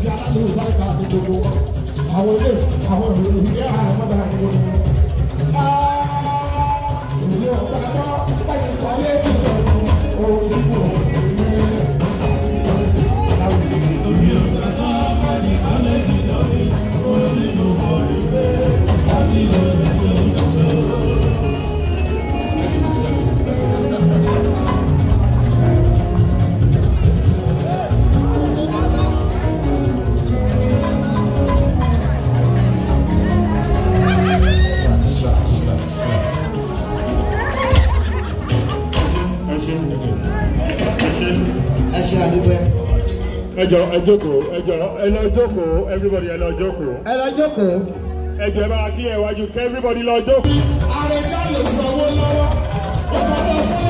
ti aláàbò ìbáríkà àti gbogbo wọn àwọn ilé àwọn ìròyìn ilé àwọn ọmọdé àti gbogbo wọn. ẹ ṣe àdúgbò. ẹ jọ ẹ jókòó ẹ jọ ẹ lọ jókòó everybody ẹ lọ jókòó. ẹ lọ jókòó. ẹ jọ ẹ bá kí ẹ wájú kí everybody lọ jókòó. àrẹ̀ká lè sanwó lọ́wọ́ ó sanwó lọ́wọ́.